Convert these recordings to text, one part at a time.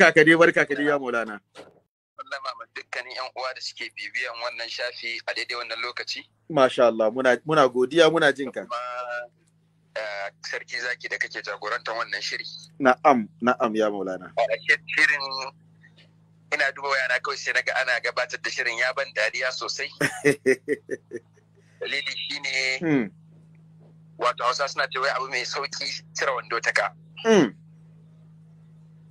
barka ka barka ka ya maulana sallama ma dukkanin yan uwa da suke bibiyan wannan shafi a daidai wannan lokaci masha Allah muna muna godiya muna jin ka eh, sarki zaki da kake jagorantar wannan shiri na'am na'am ya maulana shirin ina duba wayana kawai sai naga ana gabatar da shirin ya ban dariya sosai dalili shine hmm. wato hausa suna cewa abu mai sauki cire wando ta ka hmm.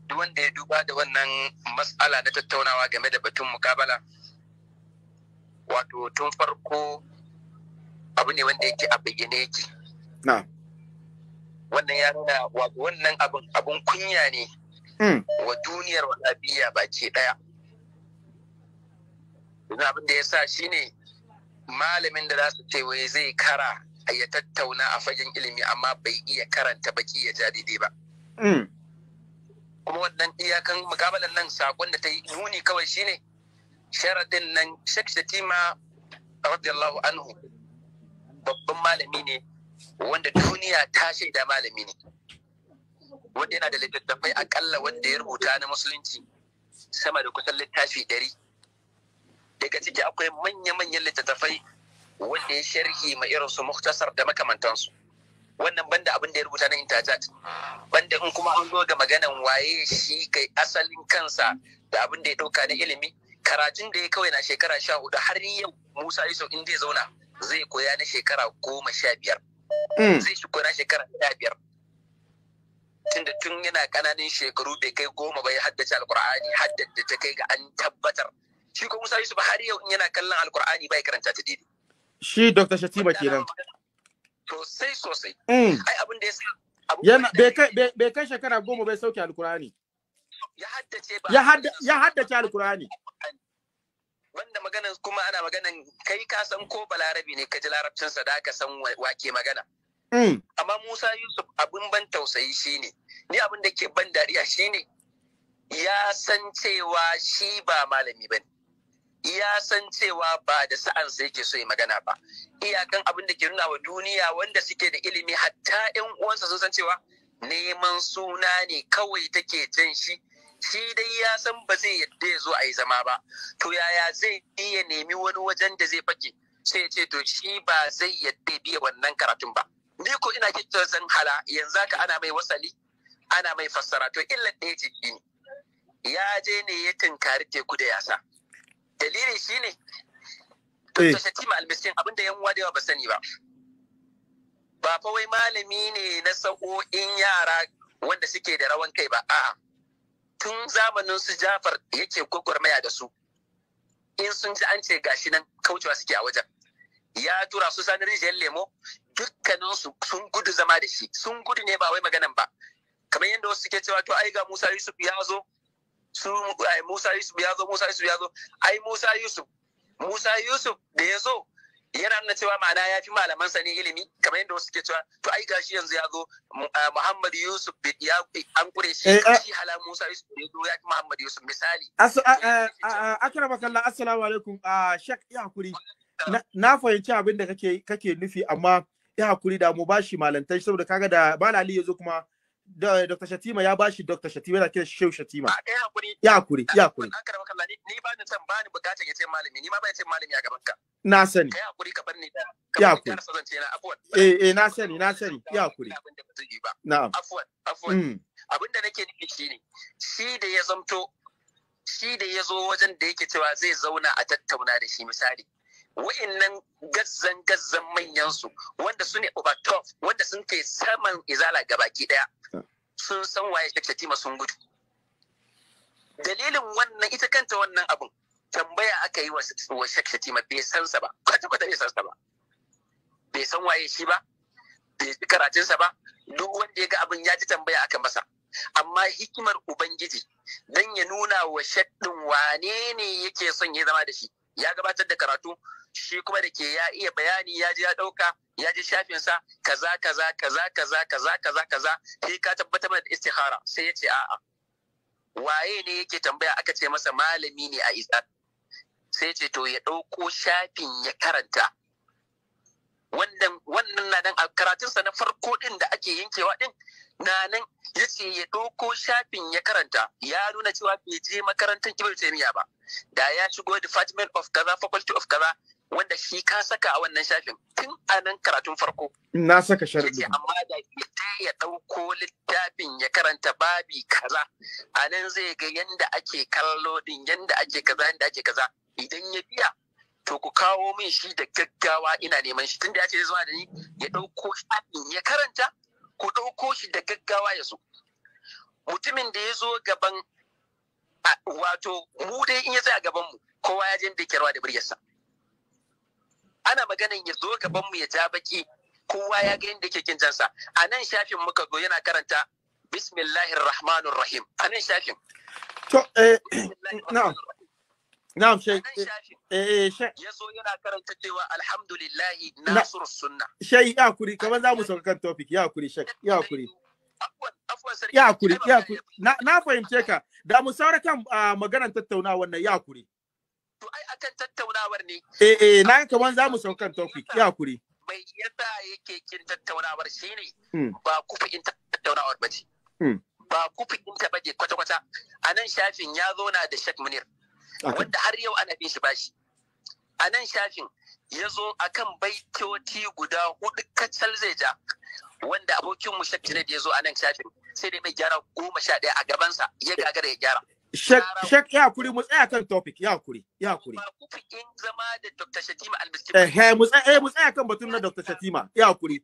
duk wanda ya duba da wannan matsala na tattaunawa game da batun mukabala wato tun farko abu ne wanda yake a bayyane yake wannan ya nuna wato wannan abun kunya ne hmm. wa duniyar wasabiya baki daya Yanzu abin da ya sa shi ne malamin da za su ce wai zai kara ya tattauna a fagen ilimi amma bai iya karanta baki ya ja daidai ba. Hmm. kuma wannan iyakan mukabalan nan sakon da ta yi nuni kawai shine sharadin nan Sheikh Shatima radiyallahu anhu babban malami ne wanda duniya ta shaida malami ne wanda yana da littattafai akalla wanda ya rubuta na musulunci sama da kusan littafi dari daga ciki akwai manya-manyan littattafai wanda ya sharhi ma irinsu muktasar da makamantansu wannan banda abin da ya rubuta na intajat banda in kuma an zo ga maganan waye shi kai asalin kansa da abin da ya dauka na ilimi karatun da ya kawai na shekara sha hudu har yau musa iso in zai zauna zai koya na shekara goma sha biyar hmm. zai shi koya na shekara sha biyar tunda tun yana kananin shekaru bai kai goma bai haddace alkur'ani haddace ta kai ga an tabbatar shi ko musa yusuf har yau in yana kallon alkur'ani bai karanta ta daidai shi dr shatima kenan sosai sosai mm. ai abin da ya sa yana bai kai shekara goma bai sauke alkurani ya haddace ba ya haddace alkurani wanda maganan kuma ana maganan kai ka san ko balarabi ne ka ji larabcin sa da aka san wake magana mm. amma Musa Yusuf abin ban tausayi shine ni abin da ke ban dariya shine ya san cewa shi ba malami bane ya san cewa ba da sa'ansa yake so yi magana ba iyakan abin da ke nuna wa duniya wanda suke da ilimi hatta yan uwansa sun san cewa neman suna ne kawai take jan shi shi dai ya san ba zai yadda ya zo a yi zama ba to yaya zai iya nemi wani wajen da zai fake sai ya ce to shi ba zai yadda biya wannan karatun ba ni ko ina kitar zan hala yanzu haka ana mai wasali ana mai fassara to illar ɗaya ce ne ya je ne ya tunkari teku da yasa dalili shine eh. Dr. Shatima Almiskin abinda yan uwa da yawa ba sani ba ba fa wai malami ne na sa'o'in yara wanda suke da rawan kai ba a'a tun zamanin su Jafar yake gwagwarmaya da su in sun ji an ce gashi nan kaucewa suke a wajen ya tura su sani rijiyar lemo dukkanin su sun gudu zama da shi sun gudu ne ba wai maganan ba kamar yadda wasu suke cewa to ai ga Musa Yusuf ya zo su Musa Yusuf ya zo Musa Yusuf ya zo ai Musa Yusuf Musa Yusuf da ya zo yana nuna cewa ma'ana ya fi malaman sa ne ilimi kamar yadda wasu ke cewa to ai gashi yanzu ya zo ah, Muhammad Yusuf ya an kure shi eh, ah. shi hala Musa Yusuf ya zo ya fi Muhammad Yusuf misali ah, akrama kallah assalamu alaikum shek ya hakuri na fahimci abin da kake kake nufi amma ya hakuri da mu bashi malantar saboda kaga da Bala Ali ya zo kuma Dr. Shatima ya bashi Dr. Shatima yana kira Shehu Shatima. Ah, eh, ya hakuri, ya hakuri. Ni ba ni san ba ni bukatar ya ce malami, ni ma ba ya ce malami a gaban ka. Na sani. Ya hakuri ka bar ni da. Ya hakuri. Eh eh na sani, na sani. Ya hakuri. Na'am. Afwan, afwan. Mm. Abin da nake nufi ne. shi da ya zamto shi da ya zo wajen da yake cewa zai zauna a tattauna da shi misali. wa'annan gazzan gazzan manyan su wanda su ne overtop wanda sun ke saman izala ga baki daya sun san waye shakkatima sun gudu dalilin wannan ita kanta wannan abun tambaya aka yi wa ma bai san sa ba kwata kwata bai san sa ba bai san waye shi ba bai ji sa ba duk wanda ya ga abin ya ji tambaya aka masa amma hikimar ubangiji dan ya nuna wa shaddin wane ne yake son ya zama da shi ya gabatar da karatu shi kuma da ke ya iya bayani ya je ya dauka ya je shafinsa kaza kaza kaza kaza kaza kaza kaza sai ka tabbatar da istihara sai ya ce a'a waye ne yake tambaya aka ce masa malami ne a isa sai ce to ya dauko shafin ya karanta wannan na nan a karatunsa na farko ɗin da ake yankewa ɗin na nan ya ce ya ɗauko shafin ya karanta ya nuna cewa bai je makarantar ibn taymiya ba da ya shigo department of kaza faculty of kaza wanda shi ka saka a wannan shafin tun a nan karatun farko na saka sharadi amma da ita ya ɗauko littafin ya karanta babi kaza a nan zai ga yanda ake kallo din yanda ake kaza yanda ake kaza idan ya biya to ku kawo min shi da gaggawa ina neman shi tunda ya ce zuwa da ni ya ɗauko shi ya karanta ku ɗauko shi da gaggawa ya zo mutumin da ya zo gaban wato mu dai in ya tsaya gaban mu kowa ya je da kyarwa da burgesa ana maganin ya zo gaban mu ya ja baki kowa ya ga yadda ke jansa a nan shafin muka zo yana karanta bismillahir rahmanir rahim a nan shafin to eh na'am Na'am Sheikh. Eh, eh, eh Sheikh. Yazo yana karanta cewa alhamdulillahi nasur sunna. Sheikh ya kuri kamar zamu sauka kan topic ya kuri Sheikh ya kuri. Ya kuri ya kuri na fahimce ka da mu saura kan ah, maganar tattaunawa wannan ya kuri. To ai akan tattaunawar ne. Eh eh na kamar zamu sauka kan topic ya kuri. Bai yasa yake kin tattaunawar shine hmm. ba ku kufi in tattaunawar bace. Ba hmm. kufi in ta baje kwata-kwata. A nan shafin ya zo na da Sheikh Munir. wanda har yau ana bin shi bashi a nan shafin ya zo akan baitoti guda hudu kacal zai ja wanda abokin mu shek da ya zo a nan shafin sai dai mai gyara goma sha ɗaya a gabansa ya gagara ya gyara Shek ya kuri mu tsaya kan topic ya kuri ya kuri. in zama da Dr. Shatima Albiski. Eh, eh mu eh, mu tsaya kan batun na Dr. Shatima ya kuri.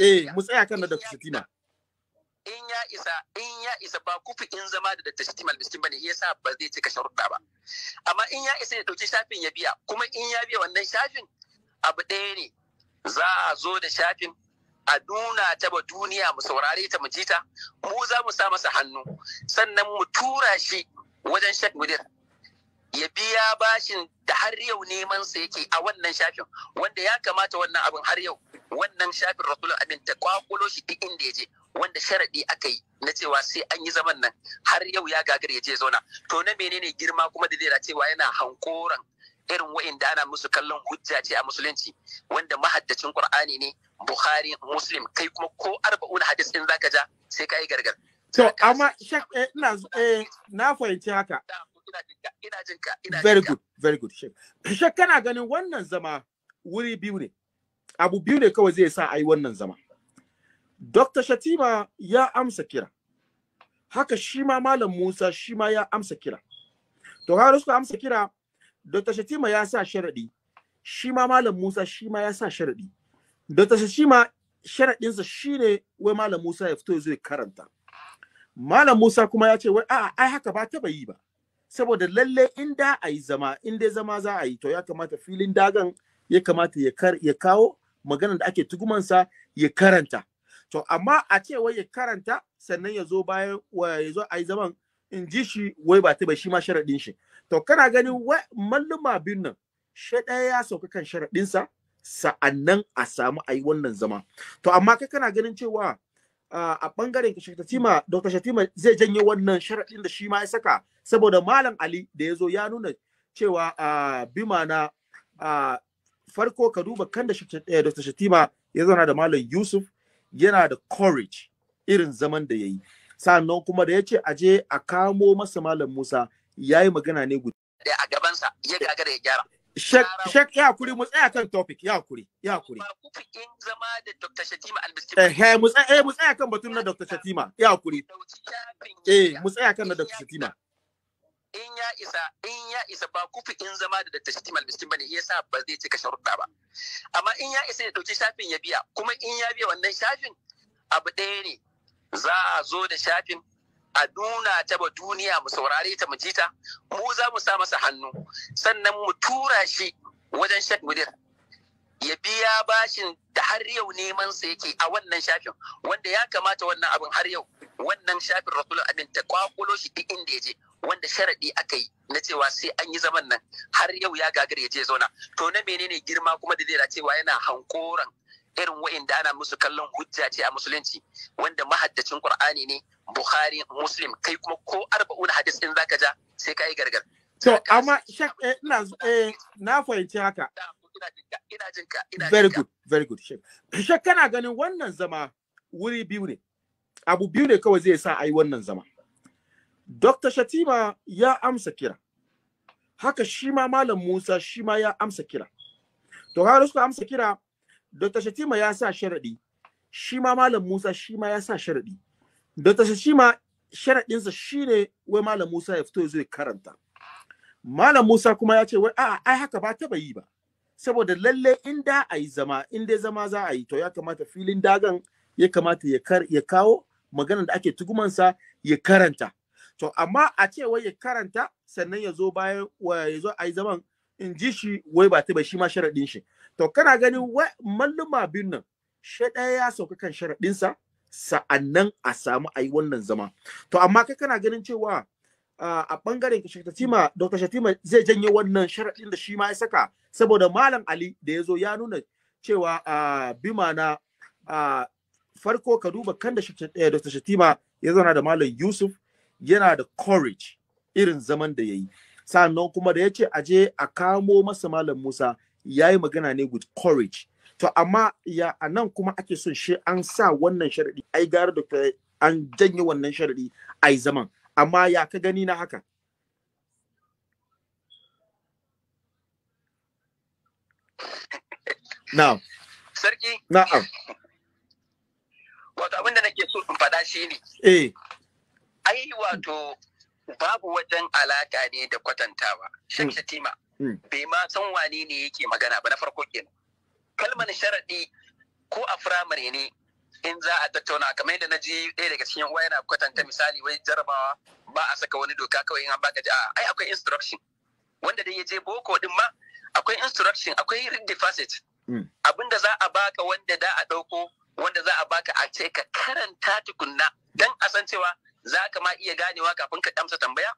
Eh mu tsaya kan na Dr. Shatima. in ya isa in ya isa ba kufi in zama da Dr. Shittim Al-Miskin bane yasa ba zai cika sharuɗa ba amma in ya isa ya dauki shafin ya biya kuma in ya biya wannan shafin abu ɗaya ne za a zo da shafin a nuna ta ba duniya mu saurare ta mu jita mu za mu sa masa hannu sannan mu tura shi wajen shek mudir ya biya bashin da har yau neman sa yake a wannan shafin wanda ya kamata wannan abin har yau wannan shafin rasulun amin ta kwakulo shi duk inda ya je wanda sharaɗi aka yi na cewa sai an yi zaman nan har yau ya gagar ya je zauna to na menene girma kuma da zai cewa yana hankoran irin wa'inda ana musu kallon hujja ce a musulunci wanda mahaddacin qur'ani ne Buhari, muslim kai kuma ko arba'un hadis in zaka ja sai ka yi gargar to amma shek eh, ina eh, na fahimci haka ina jinka ina very good very good shek kana ganin wannan zama wuri biyu ne abu biyu ne kawai zai sa a yi wannan zama Dr. Shatima ya amsa kira. Haka shi ma Malam Musa shi ma ya amsa kira. To har suka amsa kira, Dr. Shatima ya sa sharaɗi. Shi ma Malam Musa shi ma ya sa sharaɗi. Dr. Shatima shi shine wai Malam Musa ya fito zai karanta. Malam Musa kuma ya ce wai a'a ai haka ba taba yi ba. Saboda lalle in da a zama, in dai zama za a yi to ya kamata filin dagan ya kamata ya kawo maganar da ake tugumansa ya karanta. to amma a ce wai ya karanta sannan ya zo bayan ya zo a yi zaman in ji shi wai ba ta ba shi ma sharaɗin shi to kana gani wai malluma bin nan shi ɗaya ya sauka kan sharaɗinsa sa'annan a samu a yi wannan zama to amma kai kana ganin cewa a ɓangaren Shatima Dr. Shatima zai janye wannan sharaɗin da shi ma ya saka saboda Malam Ali da ya zo ya nuna cewa a bima na farko ka duba kan da eh, Dr. Shatima ya zauna da Malam Yusuf yana da courage irin zaman da ya yi sannan kuma da ya ce aje a kamo masa malam musa ya yi magana ne guda a gabansa ya gagara ya gyara Shek ya kuri mu tsaya kan topic ya kuri ya kuri. in zama da Dr. Shatima eh, eh mu tsaya eh, mu tsaya kan batun na Dr. Shatima ya kuri. Eh mu tsaya kan na Dr. Shatima. in ya isa in ya isa ba kufi in zama da Dr. Shittim Al-Miskin bane yasa ba zai cika sharuɗa ba amma in ya isa ya dauki shafin ya biya kuma in ya biya wannan shafin abu ɗaya ne za a zo da shafin a nuna ta ba duniya mu saurare ta mu jita mu za mu sa masa hannu sannan mu tura shi wajen shek mudir ya biya bashin da har yau neman sa yake a wannan shafin wanda ya kamata wannan abin har yau wannan shafin rasulun abin ta kwakulo shi duk inda ya je wanda sharaɗi aka yi na cewa sai an yi zaman nan har yau ya gagar ya je zauna to na menene girma kuma da zai cewa yana hankoran irin wa'inda ana musu kallon hujja ce a musulunci wanda mahaddacin qur'ani ne bukhari muslim kai kuma ko arba'un hadis in zaka ja sai ka yi gargar to amma shek eh, ina eh, na fahimci haka ina jinka ina very good very good shek shek kana ganin wannan zama wuri biyu ne abu biyu ne kawai zai sa ai wannan zama Dr. Shatima ya amsa kira. Haka shi ma Malam Musa shi ma ya amsa kira. To har suka amsa kira, Dr. Shatima ya sa sharadi. Shi ma Malam Musa shi ma ya sa sharadi. Dr. Shatima shi shine wai Malam Musa ya fito ya karanta. Malam Musa kuma ya ce wai a'a ai haka ba taba yi ba. Saboda lalle in da a yi zama, in zama za a yi to ya kamata filin dagan ya kamata ya kawo maganar da ake tugumansa ya karanta. to amma a ce wai ya karanta sannan ya zo bayan ya zo a yi zaman in ji shi wai ba ta bai shi ma sharaɗin shi to kana gani wai malluma bin nan shi ɗaya ya sauka kan sharaɗinsa sa'annan a samu a yi wannan zama to amma kai kana ganin cewa a ɓangaren shatima dr shatima zai janye wannan sharaɗin da shi ma ya saka saboda malam ali da ya zo ya nuna cewa bima na farko ka duba kan da eh, dr shatima ya zauna da malam yusuf yana da courage irin zaman da ya yi sannan kuma da ya ce aje a kamo masa malam musa ya yi magana ne with courage to amma ya a nan kuma ake son shi an sa wannan sharadi ai gara da an janye wannan sharadi ai zaman amma ya ka gani na haka Na'am. Sarki? Na'am. Wato abinda nake so in faɗa shi ne. Eh. ai wato babu wajen alaka ne da kwatantawa shek mm. shatima mm. bai ma san wani ne yake magana ba na farko kenan kalmar sharaɗi ko a firamare ne in za a tattauna kamar yadda na ji ɗaya daga cikin uwa yana kwatanta misali wai jarabawa ba a saka wani doka kawai in an baka ji a ah, ai akwai instruction wanda dai ya je boko din ma akwai instruction akwai read the facet mm. abinda za a baka wanda da a ɗauko wanda za a baka a ce ka karanta tukunna dan a san cewa za ka ma iya ganewa kafin ka amsa tambaya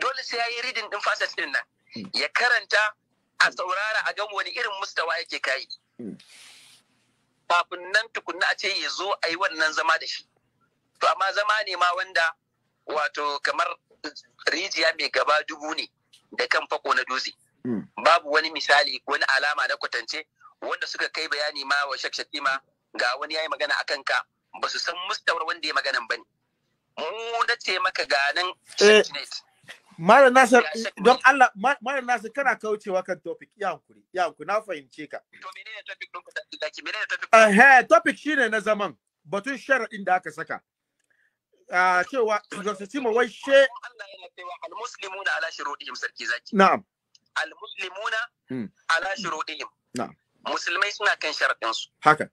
dole sai ya yi ridin din fasit din nan hmm. ya karanta a saurara a gan wani irin mustawa yake kayi. Hmm. kafin nan tukunna a ce ya zo a yi wannan zama da shi to amma zama ne ma wanda wato kamar rijiya mai gaba dubu ne da kan fako na dutse hmm. babu wani misali wani alama na kwatance wanda suka kai bayani ma wa shakshakima ga wani ya yi magana akan ka ba su san mustawar wanda ya magana ne. mu na ce maka ganin eh, Malam Nasir don Allah Malam Nasir kana kaucewa kan topic ya hankuri ya hankuri na fahimce ka. To menene topic ɗin ku da ki menene topic? Eh uh, topic shine na zaman batun sharadin da aka saka. Ah cewa Dr. Sima wai she Allah yana cewa al-muslimuna ala shurudihim sarki zaki. Na'am. Al-muslimuna hmm. ala shurudihim. Na'am. Musulmai suna kan sharadin Haka.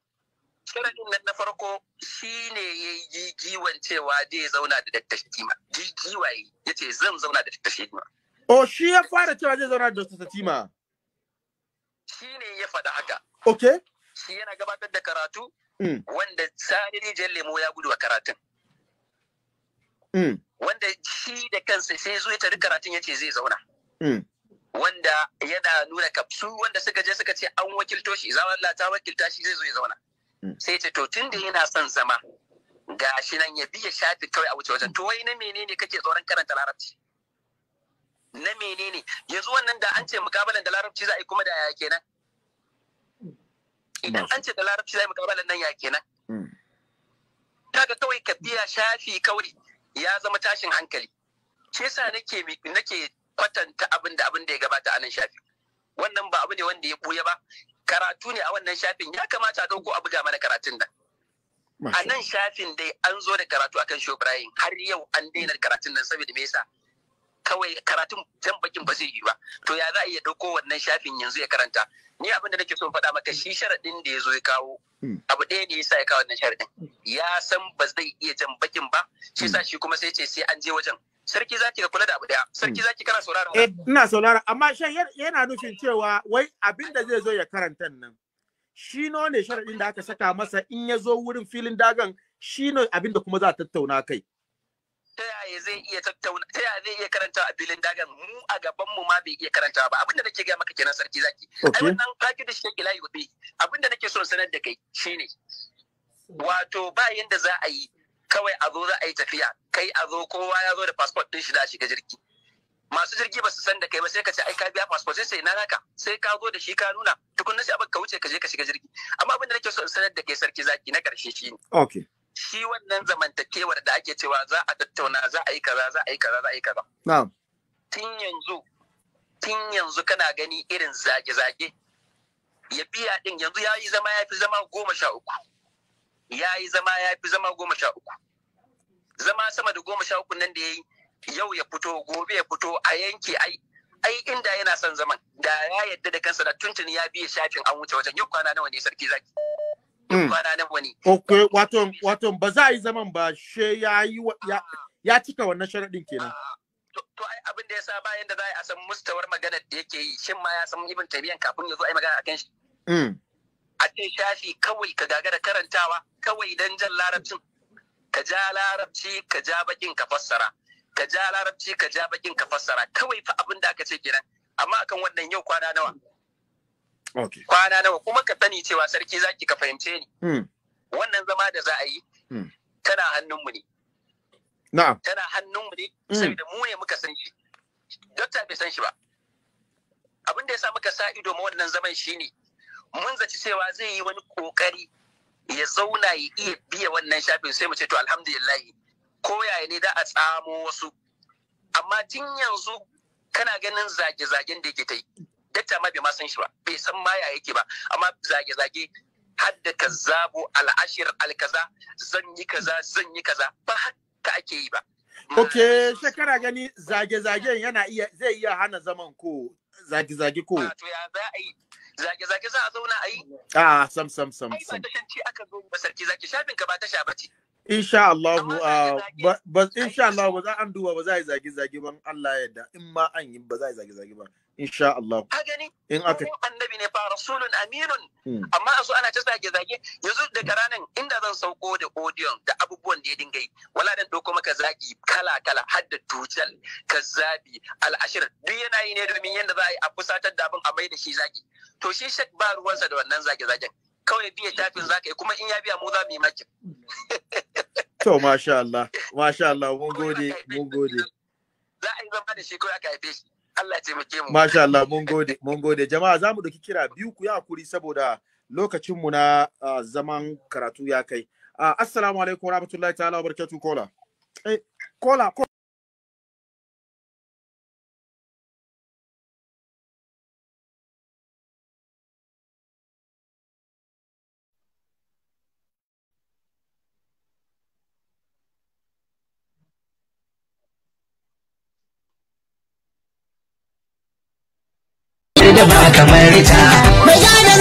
sharadin nan na farko shine ya yi giwan cewa zai zauna da Dr. Shatima. yi ya ce zan zauna da Dr. Shatima. O shi ya fara cewa zai zauna da Dr. Shatima. Shi ne ya faɗa haka. Ok. Shi yana gabatar da karatu mm. wanda Sani Rijiyar Lemo ya gudu a karatun. Mm. Wanda shi da kansa sai zo ya tari karatun ya ce zai zauna. Mm. Wanda yana nuna kafsu wanda suka je suka ce an wakilto shi, zawon Allah ta wakilta shi zai zo ya zauna. Mm. sai ce to tun da yana son zama ga shi nan ya biya shafi kawai a wuce wajen to wai na menene kake tsoron karanta larabci na menene yanzu wannan da an ce mukabalan da larabci za a yi kuma da yake kenan idan an ce da larabci za a yi mukabalan nan ya kenan mm. kaga kawai ka biya shafi kauri ya zama tashin hankali shi yasa nake nake kwatanta abin da abin da ya gabata a nan shafi wannan ba abu ne wanda ya buya ba karatu ne a wannan shafin ya kamata a ɗauko a buga mana karatun nan a nan shafin dai an zo da karatu akan kan Ibrahim har yau an daina karatun nan saboda me yasa kawai karatun jan bakin ba zai yi ba to ya za a iya dauko wannan shafin yanzu ya karanta ni abin da nake so faɗa maka shi sharaɗin da ya zo ya kawo hmm. abu ɗaya ne yasa ya kawo wannan sharaɗin ya san ba zai iya jan bakin ba shi hmm. sa shi kuma sai ce sai an je wajen sarki zaki ka kula da abu daya sarki hmm. zaki kana sauraron eh ina sauraron, amma shan yana nufin cewa wai abin da zai zo ya karanta nan shi no ne sharadin da aka saka masa in ya zo wurin filin dagan shi ne abin da kuma za a tattauna kai ta yaya zai iya tattauna ta yaya zai iya karanta a filin dagan mu a gaban mu ma bai iya karanta ba abinda nake ga maka kenan sarki zaki ai wannan kaki da shi ba abin abinda nake so sanar da kai shine wato ba yanda za a yi kawai a zo za a yi tafiya kai a zo kowa ya zo da passport din shi da shiga jirgi masu jirgi ba su san da kai ba sai ka ce ai ka biya passport sai sai na naka sai ka zo da shi ka nuna tukunna sai abin ka wuce ka je ka shiga jirgi amma abin da nake so in sanar da kai sarki zaki na karshe shi ne okay shi wannan zamantakewar da ake cewa za a tattauna za a yi kaza za a yi kaza za a yi kaza na'am tun yanzu tun yanzu kana gani irin zage-zage ya biya din yanzu ya yi zama ya fi zama goma sha uku ya yi zama ya fi zama goma sha uku zama sama da goma sha uku nan da ya yi yau ya fito gobe ya fito a yanke ai ai inda yana son zaman da ya yadda da kansa da tuntun ya biya shafin an wuce wajen yau kwana nawa ne sarki zaki hmm. kwana nawa ne Ok, wato wato ba za a yi zaman ba she ya yi ya cika wannan sharaɗin kenan ah, to ai abin da ya sa bayan da za a san mustawar maganar da yake yi shin ma ya san ibn tabiyan kafin ya zo ai magana kan shi hmm. a ce shafi kawai ka gagara karantawa kawai don jan larabcin ka ja larabci ka ja bakin ka fassara ka ja larabci ka ja bakin ka fassara kawai fa abin da aka ce kenan amma akan wannan yau kwana nawa kwana nawa kuma ka sani cewa sarki zaki ka fahimce ni hmm. wannan zama da za a yi hmm. tana hannunmu ne na'am tana hannunmu ne hmm. saboda mu ne muka san shi dokta bai san shi ba abin da ya sa muka sa ido ma wannan zaman shi ne mun zaci cewa zai yi wani kokari ya zauna ya iya biya wannan shafin sai mu ce to alhamdulillah ko yaya ne da a tsamo wasu amma tun yanzu kana ganin zage-zagen da yake ta yi dakta ma bai ma san shi ba bai san ma ya yake ba amma zage-zage hadda zabo al'ashir alkaza zan yi kaza zan yi kaza ba haka ake yi ba Ok, shekara gani zage-zagen yana iya zai iya hana zaman ko zage-zage ko. Wato ya za a yi zage-zage za a zauna a yi? A sam sam sam. Ai ba ta ce aka zo ba sarki zage shafin ka ba tasha ba ce. Insha Allah ba insha Allah ba za an duba ba za a yi zage-zage ban Allah ya da in ma an yi ba za a yi zage-zage ba insha Allah ka gani in aka annabi ne fa rasulun aminun hmm. amma a ana ta zage zage yanzu da ranan inda zan sauko da audio da abubuwan da ya dinga yi wala dan doko maka zagi kala kala har da tutal kazzabi al'ashir duk yana yi ne domin yanda za a yi a fusatar da abin a mai da shi zagi to shi shek ba ruwansa da wannan zage zagen kawai biya tafin zaka yi kuma in ya biya mu za mu yi makin to masha Allah masha Allah mun gode mun gode za a yi zama da shi kawai aka haife shi Allah ce muke mu masha Allah mun gode mun gode jama'a za mu ɗauki kira biyu ku yi hakuri saboda lokacin mu na zaman karatu ya kai assalamu alaikum warahmatullahi ta'ala wabarakatuh kola eh kola da ba mai rita. Mai yana